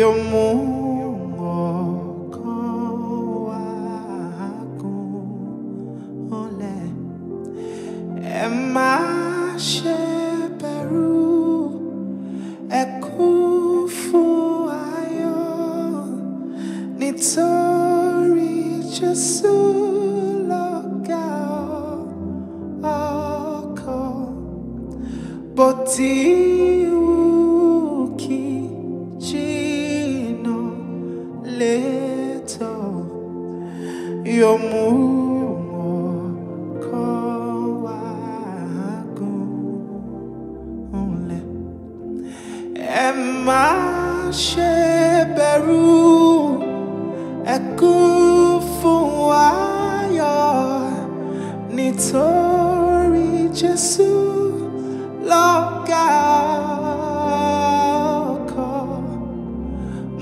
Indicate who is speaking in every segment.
Speaker 1: yomungo kawagun ole ẹ má nítorí Jésù lọ̀gá ọkọ little your move. má ṣe bẹ̀rù ẹkún fún wáyọ̀ nítorí.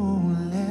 Speaker 1: Oh,